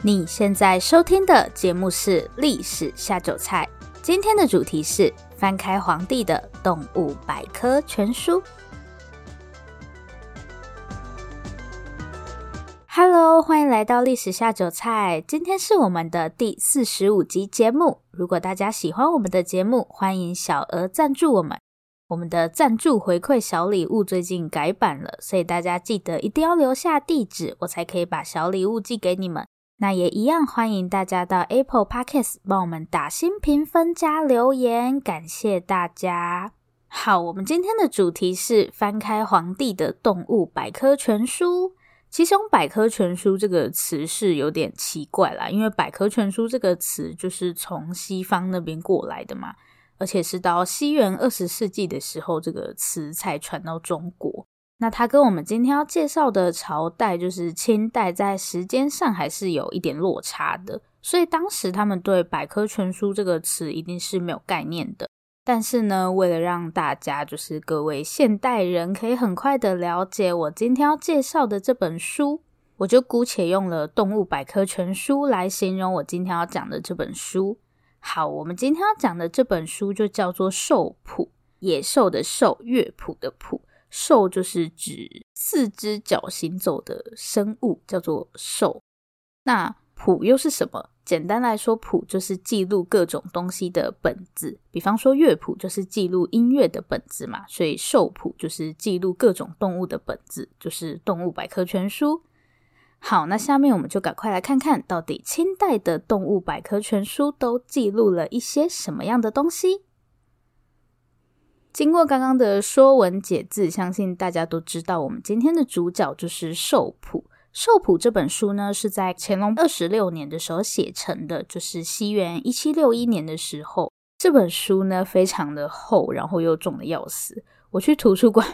你現在收聽的節目是《歷史下酒菜》，今天的主題是翻開皇帝的動物百科全書。Hello，歡迎來到《歷史下酒菜》，今天是我們的第四十五集節目。如果大家喜歡我們的節目，歡迎小額贊助我們。我們的贊助回饋小禮物最近改版了，所以大家記得一定要留下地址，我才可以把小禮物寄給你們。那也一樣，歡迎大家到 Apple Podcast 幫我們打新評分加留言，感謝大家。好，我們今天的主題是翻開《皇帝的動物百科全書》。其中“百科全書”這個詞是有點奇怪啦，因為“百科全書”這個詞就是從西方那邊過來的嘛，而且是到西元二十世紀的時候，這個詞才傳到中國。那它跟我們今天要介紹的朝代，就是清代，在時間上還是有一點落差的，所以當時他們對百科全書這個詞一定是沒有概念的。但是呢，為了讓大家就是各位現代人可以很快的了解我今天要介紹的這本書，我就姑且用了《動物百科全書》來形容我今天要講的這本書。好，我們今天要講的這本書就叫做《獸譜》，野獸的獸，樂譜的譜。獸就是指四隻腳行走的生物，叫做獸。那譜又是什麼？簡單來說，譜就是記錄各種東西的本子。比方說，樂譜就是記錄音樂的本子嘛，所以獸譜就是記錄各種動物的本子，就是動物百科全書。好，那下面我們就趕快來看看到底清代的動物百科全書都記錄了一些什麼樣的東西。經過剛剛的《說文解字》，相信大家都知道，我們今天的主角就是獸《獸譜》。《獸譜》這本書呢，是在乾隆二十六年的時候寫成的，就是西元一七六一年的時候。這本書呢，非常的厚，然後又重的要死。我去圖書館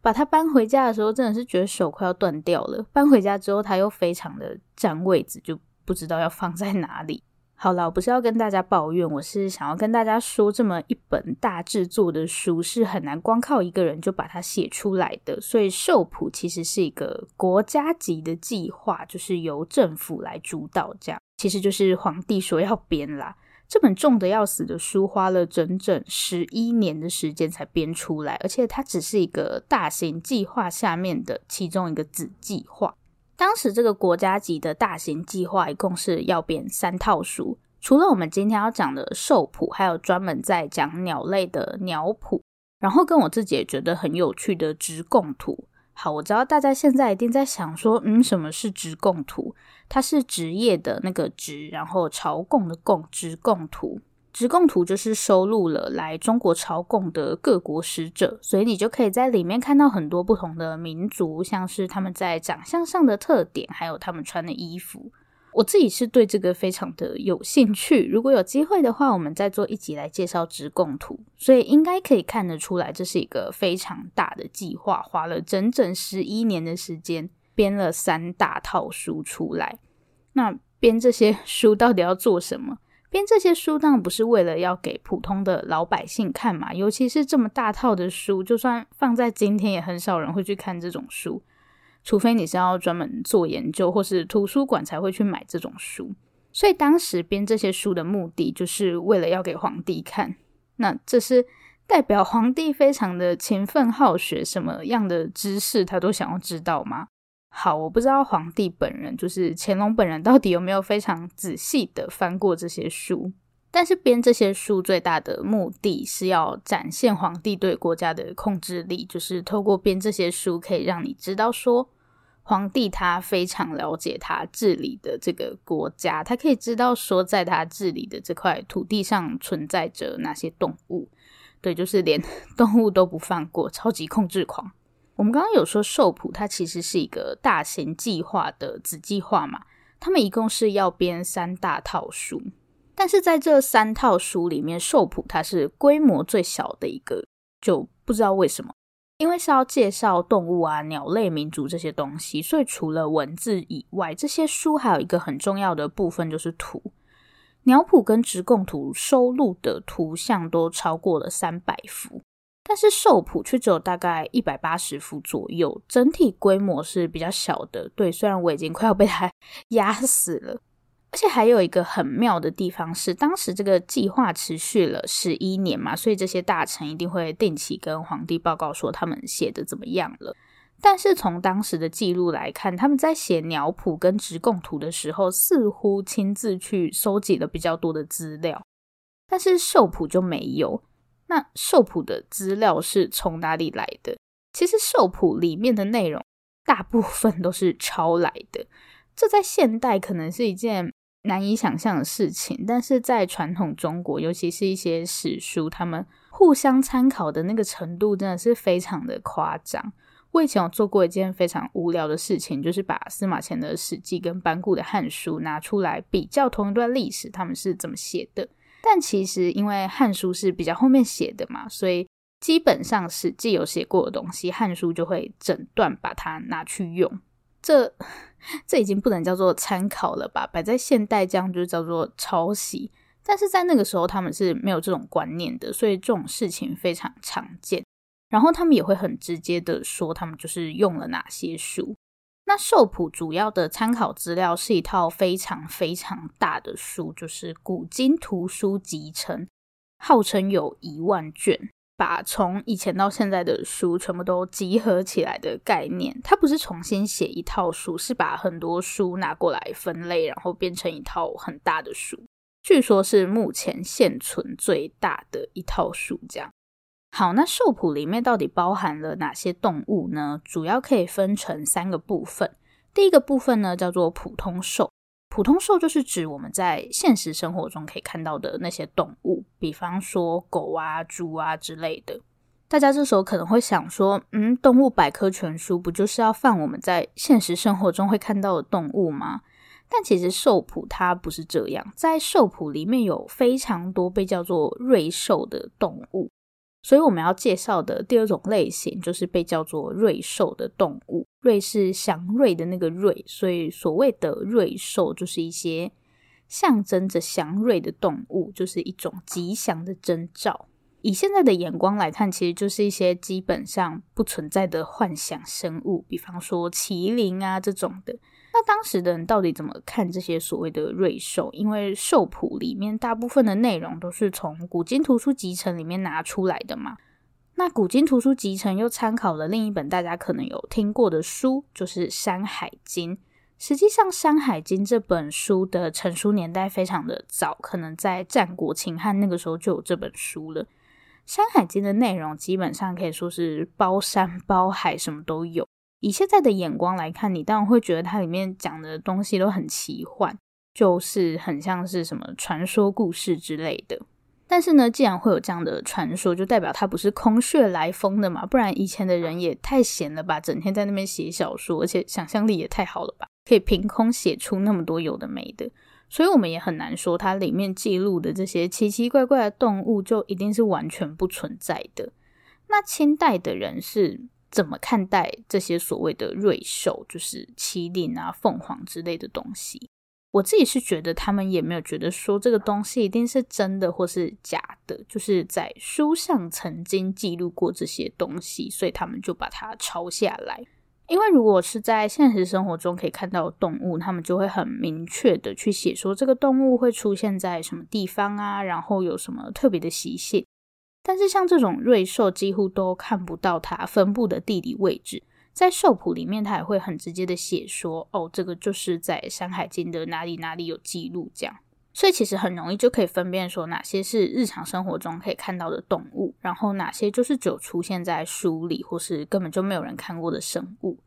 把它搬回家的時候，真的是覺得手快要斷掉了。搬回家之後，它又非常的佔位置，就不知道要放在哪裡。好了，我不是要跟大家抱怨，我是想要跟大家說，這麼一本大制作的書是很難光靠一個人就把它寫出來的。所以《獸譜》其實是一個國家級的計劃，就是由政府來主導，這樣其實就是皇帝說要編啦。這本重的要死的書，花了整整十一年的時間才編出來，而且它只是一個大型計劃下面的其中一個子計劃。當時這個國家級的大型計劃，一共是要編三套書，除了我們今天要講的獸譜，還有專門在講鳥類的鳥譜，然後跟我自己也覺得很有趣的職貢圖。好，我知道大家現在一定在想說，嗯，什麼是職貢圖？它是職業的那個職，然後朝貢的貢，職貢圖。職貢圖就是收錄了來中國朝貢的各國使者，所以你就可以在裡面看到很多不同的民族，像是他們在長相上的特點，還有他們穿的衣服。我自己是對這個非常的有興趣。如果有機會的話，我們再做一集來介紹職貢圖，所以應該可以看得出來，這是一個非常大的計劃，花了整整十一年的時間編了三大套書出來。那編這些書到底要做什麼？編這些書當然不是為了要給普通的老百姓看嘛，尤其是這麼大套的書，就算放在今天也很少人會去看這種書，除非你是要專門做研究或是圖書館才會去買這種書。所以當時編這些書的目的就是為了要給皇帝看，那這是代表皇帝非常的勤奮好學，什麼樣的知識他都想要知道嗎？好，我不知道皇帝本人就是乾隆本人到底有沒有非常仔細的翻過這些書，但是編這些書最大的目的是要展現皇帝對國家的控制力，就是透過編這些書，可以讓你知道說皇帝他非常了解他治理的這個國家，他可以知道說在他治理的這塊土地上存在着哪些動物，對，就是連動物都不放過，超級控制狂。我們剛剛有說獸譜，它其實是一個大型計劃的子計劃嘛。他們一共是要編三大套書，但是在這三套書裡面，獸譜它是規模最小的一個，就不知道為什麼。因為是要介紹動物啊、鳥類、民族這些東西，所以除了文字以外，這些書還有一個很重要的部分就是圖。鳥譜跟職貢圖收錄的圖像都超過了三百幅。但是獸譜卻只有大概一百八十幅左右，整體規模是比較小的。對，雖然我已經快要被它壓死了，而且還有一個很妙的地方是，當時這個計劃持續了十一年嘛，所以這些大臣一定會定期跟皇帝報告說他們寫的怎麼樣了。但是從當時的記錄來看，他們在寫鳥譜跟職貢圖的時候，似乎親自去收集了比較多的資料，但是獸譜就沒有。那《獸譜》的資料是從哪裡來的？其實《獸譜》裡面的內容大部分都是抄來的，這在現代可能是一件難以想象的事情，但是在傳統中國，尤其是一些史書，他們互相參考的那個程度真的是非常的誇張。我以前有做過一件非常無聊的事情，就是把司馬遷的《史記》跟班固的《漢書》拿出來比較同一段歷史，他們是怎麼寫的。但其實，因為《漢書》是比較後面寫的嘛，所以基本上史記有寫過的東西，《漢書》就會整段把它拿去用。這這已經不能叫做參考了吧？擺在現代這樣就是叫做抄襲。但是在那個時候，他們是沒有這種觀念的，所以這種事情非常常見。然後他們也會很直接的說，他們就是用了哪些書。那《獸譜》主要的參考資料是一套非常非常大的書，就是《古今圖書集成》，號稱有一萬卷，把從以前到現在的書全部都集合起來的概念。它不是重新寫一套書，是把很多書拿過來分類，然後變成一套很大的書。據說是目前現存最大的一套書，這樣。好，那獸譜裡面到底包含了哪些動物呢？主要可以分成三個部分。第一個部分呢，叫做普通獸，普通獸就是指我們在現實生活中可以看到的那些動物，比方說狗啊、豬啊之類的。大家這時候可能會想說，嗯，動物百科全書不就是要放我們在現實生活中會看到的動物嗎？但其實獸譜它不是這樣，在獸譜裡面有非常多被叫做瑞獸的動物。所以我們要介紹的第二種類型，就是被叫做瑞獸的動物。瑞是祥瑞的那個瑞，所以所謂的瑞獸就是一些象徵着祥瑞的動物，就是一種吉祥的徵兆。以現在的眼光來看，其實就是一些基本上不存在的幻想生物，比方說麒麟啊這種的。那當時的人到底怎麼看這些所謂的瑞獸？因為《獸譜》裡面大部分的內容都是從《古今圖書集成》裡面拿出來的嘛。那《古今圖書集成》又參考了另一本大家可能有聽過的書，就是《山海經》。實際上，《山海經》這本書的成書年代非常的早，可能在戰國秦漢那個時候就有這本書了。《山海經》的內容基本上可以說是包山包海，什麼都有。以現在的眼光來看，你當然會覺得它裡面講的東西都很奇幻，就是很像是什麼傳說故事之類的。但是呢，既然會有這樣的傳說，就代表它不是空穴來風的嘛，不然以前的人也太閒了吧，整天在那邊寫小說，而且想象力也太好了吧，可以憑空寫出那麼多有的沒的。所以我們也很難說，它裡面記錄的這些奇奇怪怪的動物，就一定是完全不存在的。那清代的人是？怎麼看待這些所謂的瑞獸，就是麒麟啊、鳳凰之類的東西？我自己是覺得他們也沒有覺得說這個東西一定是真的或是假的，就是在書上曾經記錄過這些東西，所以他們就把它抄下來。因為如果是在現實生活中可以看到動物，他們就會很明確的去寫說這個動物會出現在什麼地方啊，然後有什麼特別的習性。但是像這種瑞獸，幾乎都看不到它分布的地理位置。在獸譜裡面，它也會很直接的寫說：“哦，這個就是在《山海經》的哪裡哪裡有記錄。”這樣，所以其實很容易就可以分辨說哪些是日常生活中可以看到的動物，然後哪些就是只有出現在書裡，或是根本就沒有人看過的生物。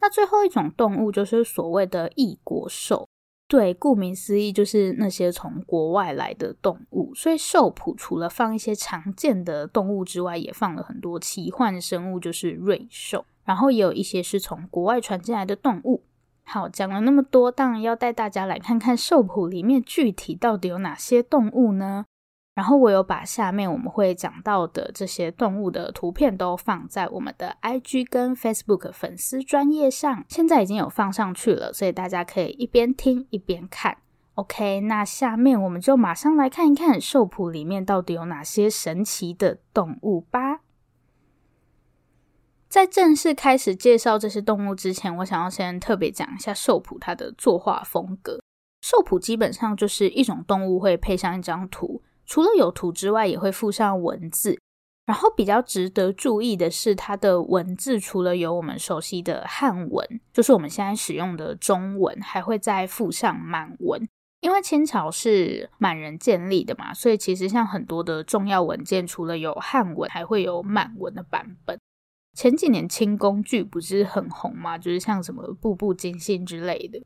那最後一種動物就是所謂的異國獸。對，顧名思義就是那些從國外來的動物，所以獸譜除了放一些常見的動物之外，也放了很多奇幻生物，就是瑞獸，然後也有一些是從國外傳進來的動物。好，講了那麼多，當然要帶大家來看看獸譜裡面具體到底有哪些動物呢？然後我有把下面我們會講到的這些動物的圖片都放在我們的 IG 跟 Facebook 粉絲專頁上，現在已經有放上去了，所以大家可以一邊聽一邊看。OK，那下面我們就馬上來看一看《獸譜》裡面到底有哪些神奇的動物吧。在正式開始介紹這些動物之前，我想要先特別講一下《獸譜》它的作畫風格。《獸譜》基本上就是一種動物會配上一張圖。除了有圖之外，也會附上文字。然後比較值得注意的是，它的文字除了有我們熟悉的漢文，就是我們現在使用的中文，還會再附上滿文。因為清朝是滿人建立的嘛，所以其實像很多的重要文件，除了有漢文，還會有滿文的版本。前幾年清宮劇不是很紅嘛，就是像什麼《步步驚心》之類的。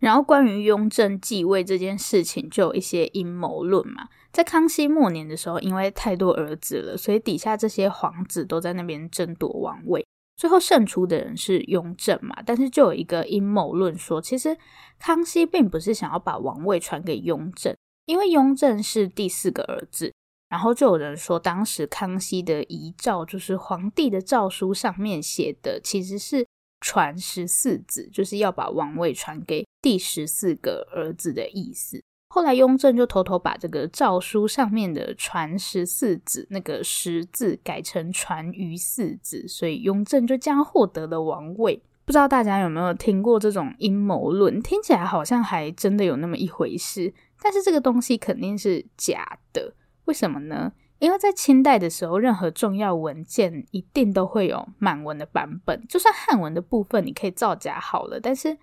然後關於雍正繼位這件事情，就有一些陰謀論嘛。在康熙末年的時候，因為太多兒子了，所以底下這些皇子都在那邊爭奪王位。最後勝出的人是雍正嘛，但是就有一個陰謀論說，其實康熙並不是想要把王位傳給雍正，因為雍正是第四個兒子。然後就有人說，當時康熙的遺詔，就是皇帝的詔書上面寫的，其實是傳十四子，就是要把王位傳給第十四個兒子的意思。後來，雍正就偷偷把這個詔書上面的“傳十四子”那個“十”字改成“傳於四子”，所以雍正就這樣獲得了王位。不知道大家有沒有聽過這種陰謀論？聽起來好像還真的有那麼一回事，但是這個東西肯定是假的。為什麼呢？因為在清代的時候，任何重要文件一定都會有滿文的版本，就算漢文的部分你可以造假好了，但是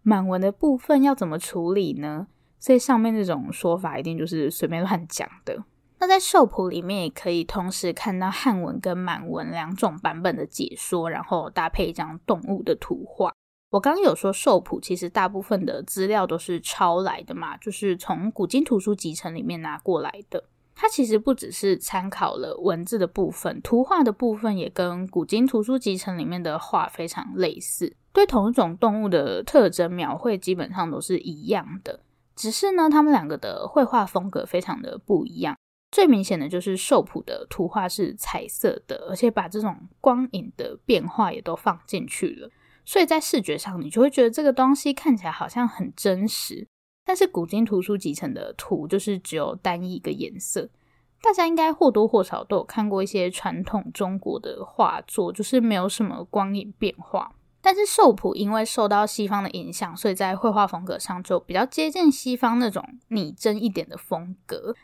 滿文的部分要怎麼處理呢？所以上面這種說法一定就是隨便亂講的。那在《獸譜》裡面也可以同時看到漢文跟滿文兩種版本的解說，然後搭配一張動物的圖畫。我剛剛有說《獸譜》其實大部分的資料都是抄來的嘛，就是從《古今圖書集成》裡面拿過來的。它其實不只是參考了文字的部分，圖畫的部分也跟《古今圖書集成》裡面的畫非常類似，對同一種動物的特徵描繪基本上都是一樣的。只是呢，他們兩個的繪畫風格非常的不一樣。最明顯的就是獸譜的圖畫是彩色的，而且把這種光影的變化也都放進去了，所以在視覺上你就會覺得這個東西看起來好像很真實。但是古今圖書集成的圖就是只有單一一個顏色，大家應該或多或少都有看過一些傳統中國的畫作，就是沒有什麼光影變化。但是獸譜因為受到西方的影響，所以在繪畫風格上就比較接近西方那種擬真一點的風格。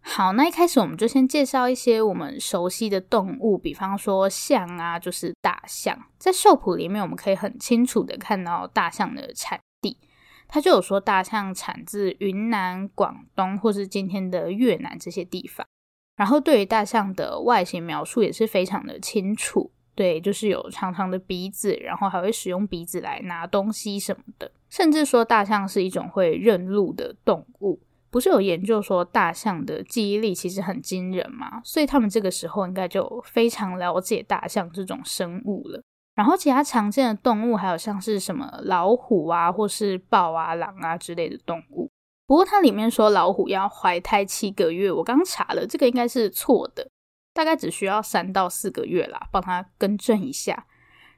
好，那一開始我們就先介紹一些我們熟悉的動物，比方說象啊，就是大象。在獸譜裡面，我們可以很清楚的看到大象的產地，它就有說大象產自雲南、廣東或是今天的越南這些地方。然後對於大象的外形描述也是非常的清楚。對，就是有長長的鼻子，然後還會使用鼻子來拿東西什麼的，甚至說大象是一種會認路的動物，不是有研究說大象的記憶力其實很驚人嘛？所以他們這個時候應該就非常了解大象這種生物了。然後其他常見的動物還有像是什麼老虎啊，或是豹啊、狼啊之類的動物。不過它裡面說老虎要懷胎七個月，我剛查了，這個應該是錯的。大概只需要三到四個月啦，幫他更正一下。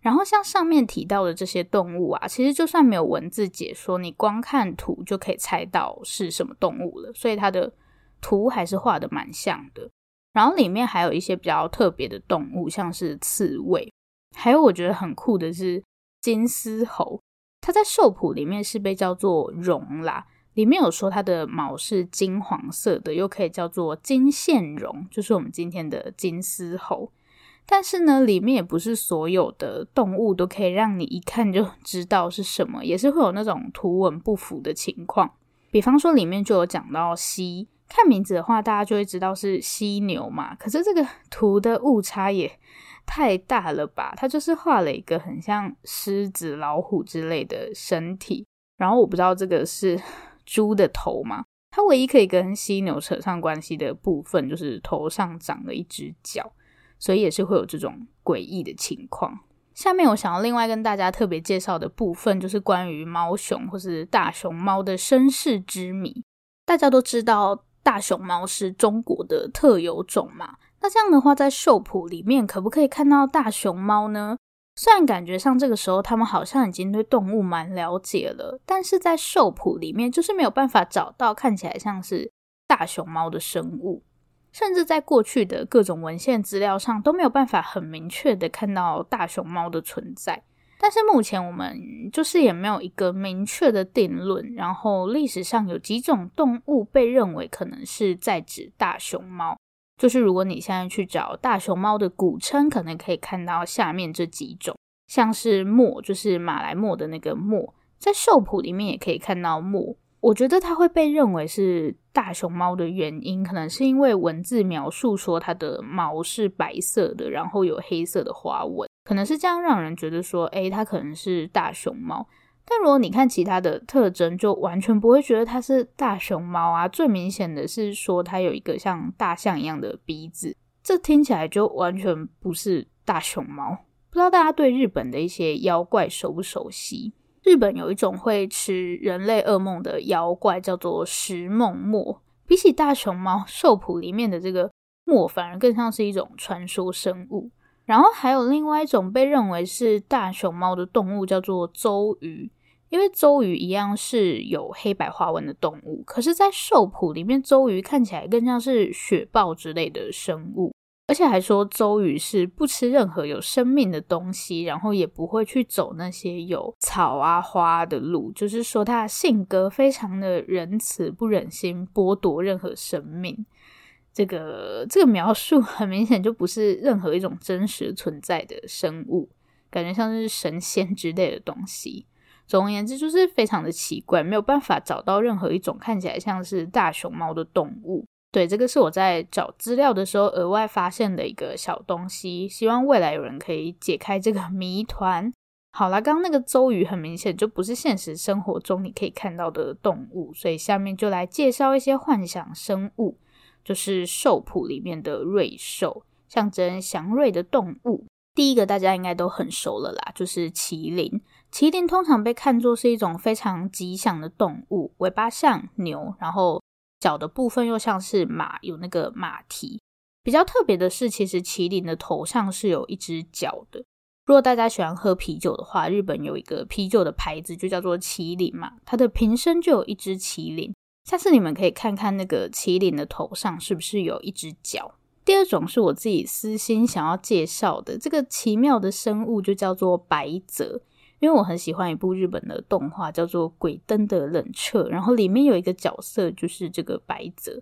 然後像上面提到的這些動物啊，其實就算沒有文字解說，你光看圖就可以猜到是什麼動物了。所以它的圖還是畫得蠻像的。然後裡面還有一些比較特別的動物，像是刺蝟，還有我覺得很酷的是金絲猴，它在獸譜裡面是被叫做狨啦。裡面有說它的毛是金黃色的，又可以叫做金線絨，就是我們今天的金絲猴。但是呢，裡面也不是所有的動物都可以讓你一看就知道是什麼，也是會有那種圖文不符的情況。比方說裡面就有講到犀，看名字的話，大家就會知道是犀牛嘛。可是這個圖的誤差也太大了吧？它就是畫了一個很像獅子、老虎之類的身體，然後我不知道這個是。豬的頭嘛，它唯一可以跟犀牛扯上關係的部分就是頭上長了一隻角，所以也是會有這種詭異的情況。下面我想要另外跟大家特別介紹的部分，就是關於貓熊或是大熊貓的身世之謎。大家都知道大熊貓是中國的特有種嘛，那這樣的話，在獸譜裡面可不可以看到大熊貓呢？雖然感覺上這個時候他們好像已經對動物蠻了解了，但是在獸譜裡面就是沒有辦法找到看起來像是大熊貓的生物，甚至在過去的各種文獻資料上都沒有辦法很明確的看到大熊貓的存在。但是目前我們就是也沒有一個明確的定論，然後歷史上有幾種動物被認為可能是在指大熊貓。就是如果你現在去找大熊貓的古稱，可能可以看到下面這幾種，像是“貘”，就是馬來貘的那個“貘”，在獸譜裡面也可以看到“貘”。我覺得它會被認為是大熊貓的原因，可能是因為文字描述說它的毛是白色的，然後有黑色的花紋，可能是這樣讓人覺得說，哎，它可能是大熊貓。但如果你看其他的特徵，就完全不會覺得它是大熊貓啊。最明顯的是說它有一個像大象一樣的鼻子，這聽起來就完全不是大熊貓。不知道大家對日本的一些妖怪熟不熟悉？日本有一種會吃人類噩夢的妖怪，叫做食夢貘。比起大熊貓，《獸譜》裡面的這個貘反而更像是一種傳說生物。然後還有另外一種被認為是大熊貓的動物，叫做騶虞。因為騶虞一樣是有黑白花紋的動物，可是，在獸譜裡面，騶虞看起來更像是雪豹之類的生物，而且還說騶虞是不吃任何有生命的東西，然後也不會去走那些有草啊花的路，就是說他的性格非常的仁慈，不忍心剝奪任何生命。這個這個描述很明顯就不是任何一種真實存在的生物，感覺像是神仙之類的東西。總而言之，就是非常的奇怪，沒有辦法找到任何一種看起來像是大熊貓的動物。對，這個是我在找資料的時候額外發現的一個小東西。希望未來有人可以解開這個謎團。好啦，剛剛那個騶虞很明顯就不是現實生活中你可以看到的動物，所以下面就來介紹一些幻想生物，就是《獸譜》裡面的瑞獸，象徵祥瑞的動物。第一個大家應該都很熟了啦，就是麒麟。麒麟通常被看作是一種非常吉祥的動物，尾巴像牛，然後腳的部分又像是馬，有那個馬蹄。比較特別的是，其實麒麟的頭上是有一隻角的。如果大家喜歡喝啤酒的話，日本有一個啤酒的牌子就叫做麒麟嘛，它的瓶身就有一隻麒麟。下次你們可以看看那個麒麟的頭上是不是有一隻角。第二種是我自己私心想要介紹的，這個奇妙的生物就叫做白澤。因為我很喜歡一部日本的動畫，叫做《鬼燈的冷徹》，然後裡面有一個角色就是這個白澤。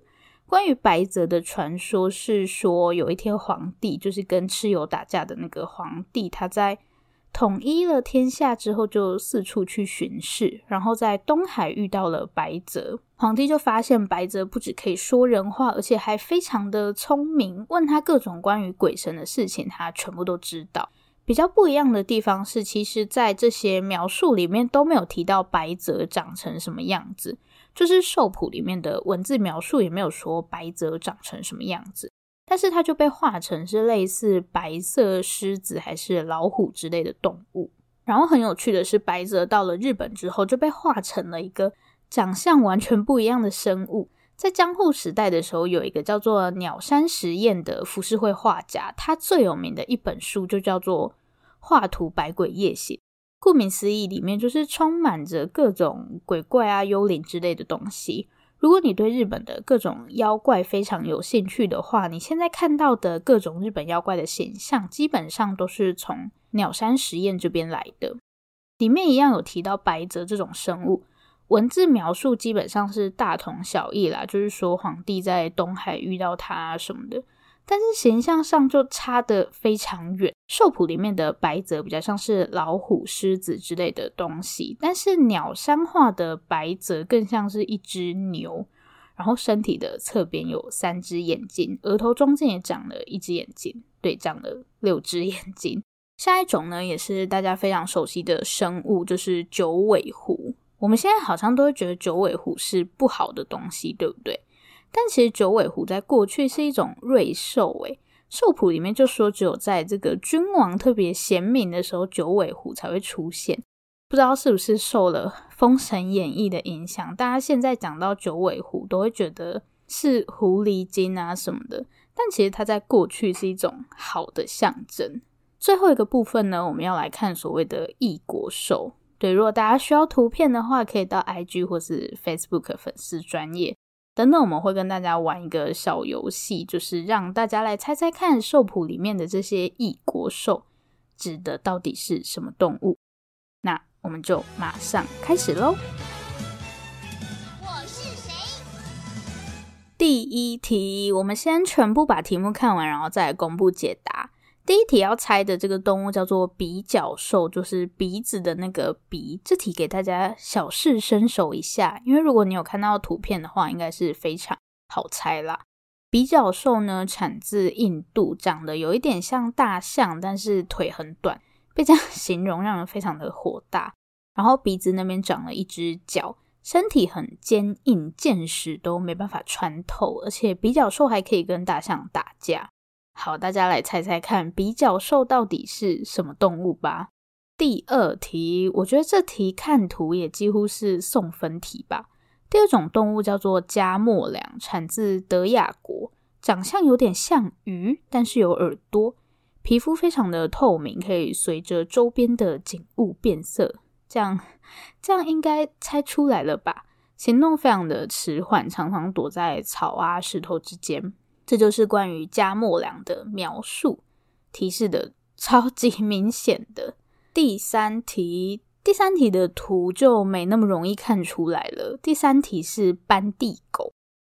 關於白澤的傳說是說，有一天皇帝就是跟蚩尤打架的那個皇帝，他在統一了天下之後，就四處去巡視，然後在東海遇到了白澤。皇帝就發現白澤不只可以說人話，而且還非常的聰明，問他各種關於鬼神的事情，他全部都知道。比較不一樣的地方是，其實，在這些描述裡面都沒有提到白澤長成什麼樣子，就是《獸譜》裡面的文字描述也沒有說白澤長成什麼樣子，但是它就被畫成是類似白色獅子還是老虎之類的動物。然後很有趣的是，白澤到了日本之後就被畫成了一個長相完全不一樣的生物。在江戶時代的時候，有一個叫做鳥山石燕的浮世繪畫家，他最有名的一本書就叫做《畫圖百鬼夜行》。顧名思義，裡面就是充滿着各種鬼怪啊、幽靈之類的東西。如果你對日本的各種妖怪非常有興趣的話，你現在看到的各種日本妖怪的形象，基本上都是從鳥山石燕這邊來的。裡面一樣有提到白澤這種生物。文字描述基本上是大同小異啦，就是說皇帝在東海遇到他、啊、什麼的，但是形象上就差得非常遠。《獸譜》裡面的白澤比較像是老虎、獅子之類的東西，但是鳥山畫的白澤更像是一隻牛，然後身體的側邊有三隻眼睛，額頭中間也長了一隻眼睛，對，長了六隻眼睛。下一種呢，也是大家非常熟悉的生物，就是九尾狐。我們現在好像都會覺得九尾狐是不好的東西，對不對？但其實九尾狐在過去是一種瑞獸、欸，哎，獸譜裡面就說只有在這個君王特別賢明的時候，九尾狐才會出現。不知道是不是受了《封神演義》的影響，大家現在講到九尾狐都會覺得是狐狸精啊什麼的。但其實它在過去是一種好的象徵。最後一個部分呢，我們要來看所謂的異國獸。對，如果大家需要圖片的話，可以到 IG 或是 Facebook 粉絲專頁等等。我們會跟大家玩一個小遊戲，就是讓大家來猜猜看《獸譜》裡面的這些異國獸指的到底是什麼動物。那我們就馬上開始嘍！我是誰？第一題，我們先全部把題目看完，然後再來公布解答。第一題要猜的這個動物叫做鼻角獸，就是鼻子的那個鼻。這題給大家小試身手一下，因為如果你有看到圖片的話，應該是非常好猜啦。鼻角獸呢產自印度，長得有一點像大象，但是腿很短。被這樣形容讓人非常的火大。然後鼻子那邊長了一隻角，身體很堅硬，劍士都沒辦法穿透。而且鼻角獸還可以跟大象打架。好，大家來猜猜看，比角獸到底是什麼動物吧？第二題，我覺得這題看圖也幾乎是送分題吧。第二種動物叫做加莫良，產自德亞國，長相有點像魚，但是有耳朵，皮膚非常的透明，可以隨着周邊的景物變色。這樣，這樣應該猜出來了吧？行動非常的遲緩，常常躲在草啊、石頭之間。這就是關於加莫良的描述，提示得超級明顯的。第三題。第三題的圖就沒那麼容易看出來了。第三題是斑地狗，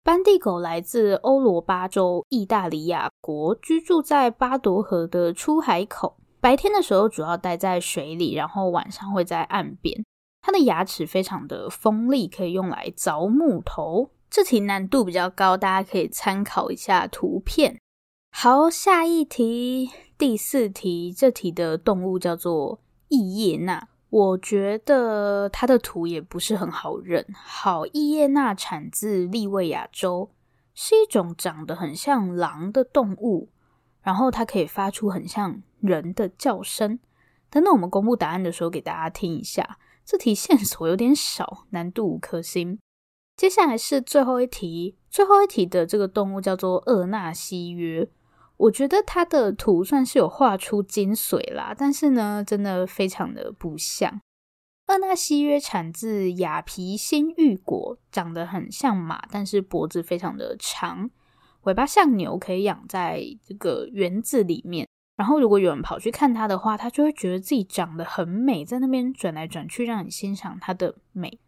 斑地狗來自歐羅巴州、意大利亞國，居住在巴朵河的出海口。白天的時候主要待在水裡，然後晚上會在岸邊。它的牙齒非常的鋒利，可以用來鑿木頭。這題難度比較高，大家可以參考一下圖片。好，下一題，第四題。這題的動物叫做異葉娜。我覺得它的圖也不是很好認。好，異葉娜產自利未亞州，是一種長得很像狼的動物，然後它可以發出很像人的叫聲。等等，我們公布答案的時候給大家聽一下。這題線索有點少，難度五顆星。接下來是最後一題，最後一題的這個動物叫做厄納西約。我覺得它的圖算是有畫出精髓啦，但是呢，真的非常的不像。厄納西約產自雅皮仙玉國，長得很像馬，但是脖子非常的長，尾巴像牛，可以養在這個園子裡面。然後如果有人跑去看它的話，它就會覺得自己長得很美，在那邊轉來轉去，讓你欣賞它的美。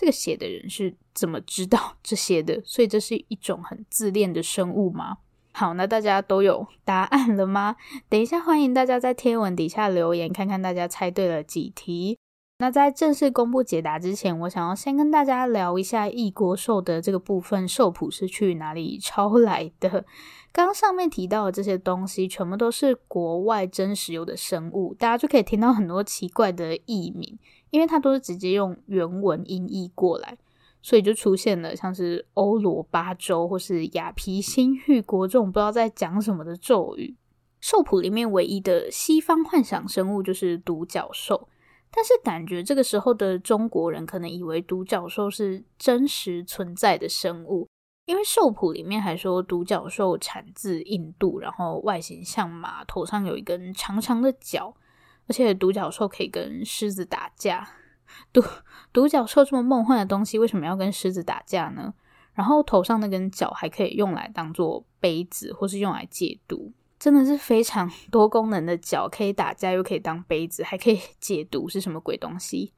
這個寫的人是怎麼知道這些的？所以這是一種很自戀的生物嗎？好，那大家都有答案了嗎？等一下，歡迎大家在貼文底下留言，看看大家猜對了幾題。那在正式公布解答之前，我想要先跟大家聊一下異國獸的這個部分，獸譜是去哪裡抄來的？剛上面提到的這些東西，全部都是國外真實有的生物，大家就可以聽到很多奇怪的譯名。因為它都是直接用原文音譯過來，所以就出現了像是歐羅巴洲或是亞皮新域國這種不知道在講什麼的咒語。獸譜裡面唯一的西方幻想生物就是獨角獸，但是感覺這個時候的中國人可能以為獨角獸是真實存在的生物，因為獸譜裡面還說獨角獸產自印度，然後外形像馬，頭上有一根長長的角。而且獨角獸可以跟獅子打架，獨獨角獸這麼夢幻的東西為什麼要跟獅子打架呢？然後頭上那根角還可以用來當做杯子，或是用來解毒，真的是非常多功能的角，可以打架又可以當杯子，還可以解毒，是什麼鬼東西？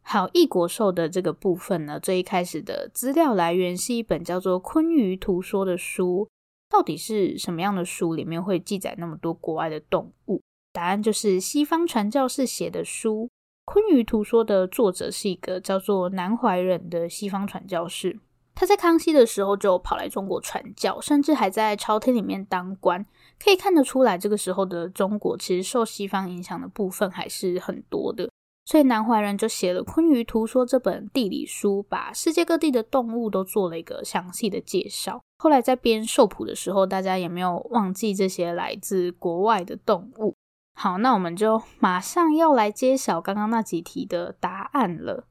好，異國獸的這個部分呢，最一開始的資料來源是一本叫做《坤輿圖說》的書，到底是什麼樣的書？裡面會記載那麼多國外的動物？答案就是西方傳教士寫的書，《坤輿圖說》的作者是一個叫做南懷仁的西方傳教士。他在康熙的時候就跑來中國傳教，甚至還在朝廷裡面當官。可以看得出來，這個時候的中國其實受西方影響的部分還是很多的。所以南懷仁就寫了《坤輿圖說》這本地理書，把世界各地的動物都做了一個詳細的介紹。後來在編《獸譜》的時候，大家也沒有忘記這些來自國外的動物。好，那我們就馬上要來揭曉剛剛那幾題的答案了。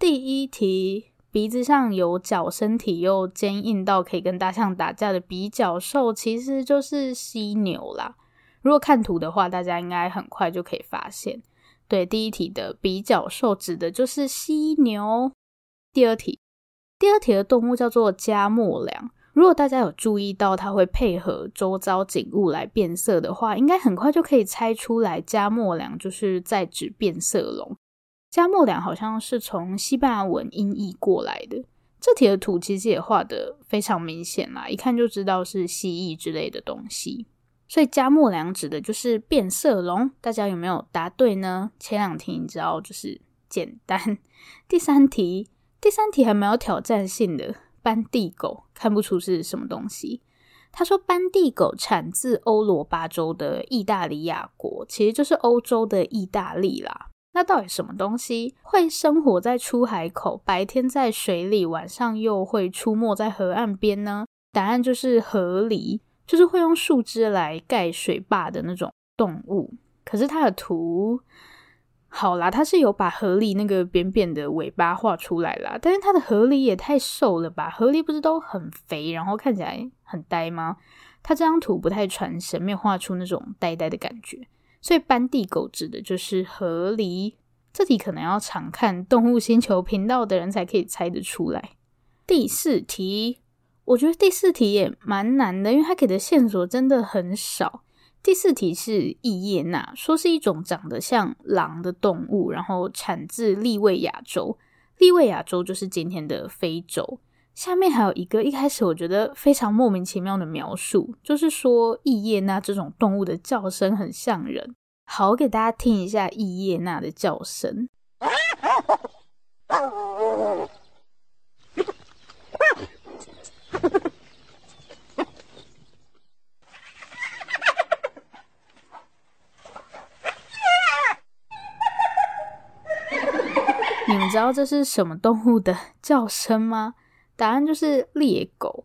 第一題，鼻子上有角，身體又堅硬到可以跟大象打架的比角獸，其實就是犀牛啦。如果看圖的話，大家應該很快就可以發現，對，第一題的比角獸指的就是犀牛。第二題，第二題的動物叫做加木梁。如果大家有注意到它會配合周遭景物來變色的話，應該很快就可以猜出來。加莫良就是在指變色龍。加莫良好像是從西班牙文音譯過來的。這題的圖其實也畫得非常明顯啦，一看就知道是蜥蜴之類的東西，所以加莫良指的就是變色龍。大家有沒有答對呢？前兩題你知道就是簡單。第三題，第三題還蠻有挑戰性的。班地狗看不出是什麼東西。他說，班地狗產自歐羅巴州的意大利亞國，其實就是歐洲的意大利啦。那到底什麼東西會生活在出海口，白天在水裡，晚上又會出沒在河岸邊呢？答案就是河狸，就是會用樹枝來蓋水壩的那種動物。可是它的圖。好啦，它是有把河狸那個扁扁的尾巴畫出來啦，但是它的河狸也太瘦了吧？河狸不是都很肥，然後看起來很呆嗎？它這張圖不太傳神，沒有畫出那種呆呆的感覺。所以斑地狗指的就是河狸，這題可能要常看《動物星球》頻道的人才可以猜得出來。第四題，我覺得第四題也蠻難的，因為它給的線索真的很少。第四題是異葉納，說是一種長得像狼的動物，然後產自利維亞洲，利維亞洲就是今天的非洲。下面還有一個，一開始我覺得非常莫名其妙的描述，就是說異葉納這種動物的叫聲很像人。好，我給大家聽一下異葉納的叫聲。 你們知道這是什麼動物的叫聲嗎？答案就是鬣狗。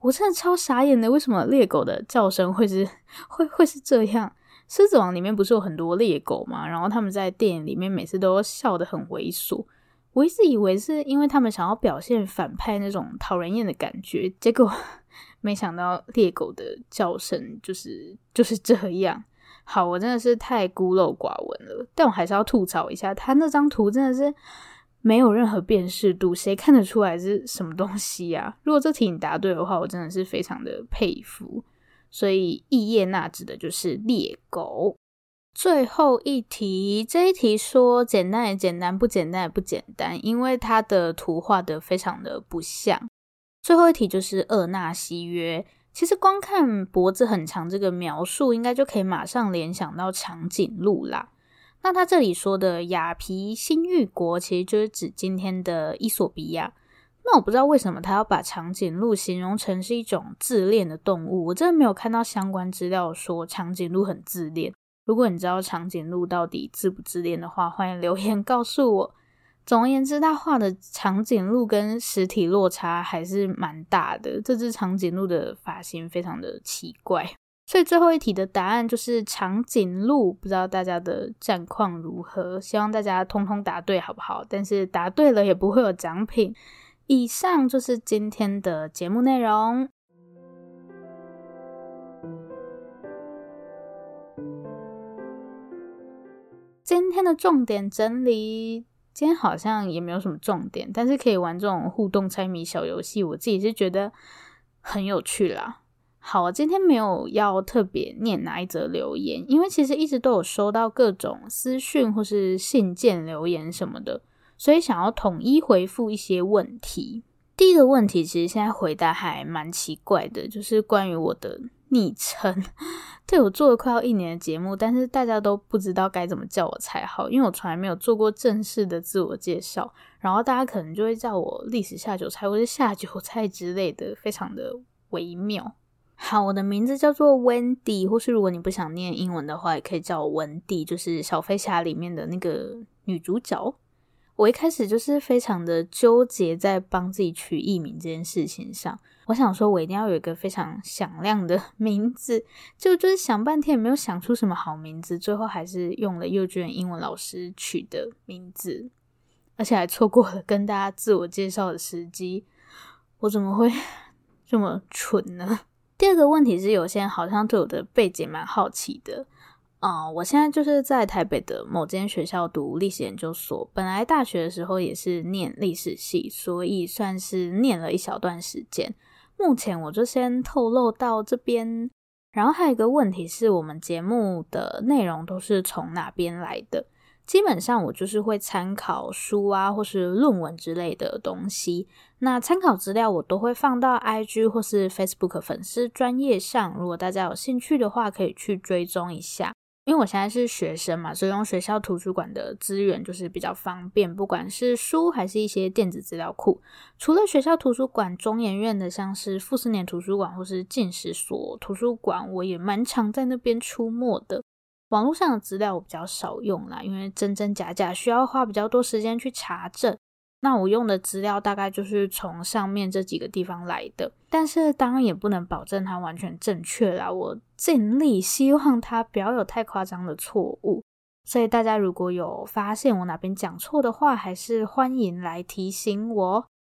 我真的超傻眼的，為什麼鬣狗的叫聲會是會會是這樣？獅子王裡面不是有很多鬣狗嗎？然後他們在電影裡面每次都笑得很猥瑣。我一直以為是因為他們想要表現反派那種討人厭的感覺，結果沒想到鬣狗的叫聲就是就是這樣。好，我真的是太孤陋寡聞了，但我還是要吐槽一下，他那張圖真的是沒有任何辨識度，誰看得出來是什麼東西啊？如果這題你答對的話，我真的是非常的佩服。所以，伊耶納指的就是獵狗。最後一題，這一題說簡單也簡單，不簡單也不簡單，因為它的圖畫得非常的不像。最後一題就是厄納西約。其實光看脖子很長這個描述，應該就可以馬上聯想到長頸鹿啦。那他這裡說的亞比西尼亞國，其實就是指今天的伊索比亞。那我不知道為什麼他要把長頸鹿形容成是一種自戀的動物，我真的沒有看到相關資料說長頸鹿很自戀。如果你知道長頸鹿到底自不自戀的話，歡迎留言告訴我。總而言之，他畫的長頸鹿跟實體落差還是蠻大的。這只長頸鹿的髮型非常的奇怪，所以最後一題的答案就是長頸鹿。不知道大家的戰況如何？希望大家通通答對好不好？但是答對了也不會有獎品。以上就是今天的節目內容，今天的重點整理。今天好像也沒有什麼重點，但是可以玩這種互動猜謎小遊戲，我自己是覺得很有趣啦。好，今天沒有要特別念哪一則留言，因為其實一直都有收到各種私訊或是信件留言什麼的，所以想要統一回復一些問題。第一個問題其實現在回答還蠻奇怪的，就是關於我的。昵稱對我做了快要一年的節目，但是大家都不知道該怎麼叫我才好，因為我從來沒有做過正式的自我介紹，然後大家可能就會叫我歷史下酒菜或者下酒菜之類的，非常的微妙。好，我的名字叫做 Wendy，或是如果你不想念英文的話，也可以叫我 Wendy，就是小飛俠裡面的那個女主角。我一開始就是非常的糾結在幫自己取藝名這件事情上，我想說我一定要有一個非常響亮的名字，就就是想半天也沒有想出什麼好名字，最後還是用了幼稚園英文老師取的名字，而且還錯過了跟大家自我介紹的時機，我怎麼會這麼蠢呢？第二個問題是，有些人好像對我的背景蠻好奇的。啊，uh, 我現在就是在台北的某間學校讀歷史研究所。本來大學的時候也是念歷史系，所以算是念了一小段時間。目前我就先透露到這邊。然後還有一個問題是我們節目的內容都是從哪邊來的？基本上我就是會參考書啊，或是論文之類的東西。那參考資料我都會放到 IG 或是 Facebook 粉絲專頁上，如果大家有興趣的話，可以去追蹤一下。因為我現在是學生嘛，所以用學校圖書館的資源就是比較方便，不管是書還是一些電子資料庫。除了學校圖書館，中研院的，像是傅斯年圖書館或是近史所圖書館，我也蠻常在那邊出沒的。網路上的資料我比較少用啦，因為真真假假，需要花比較多時間去查證。那我用的資料大概就是從上面這幾個地方來的，但是當然也不能保證它完全正確啦。我、盡力希望他不要有太誇張的錯誤。所以大家如果有發現我哪邊講錯的話，還是歡迎來提醒我。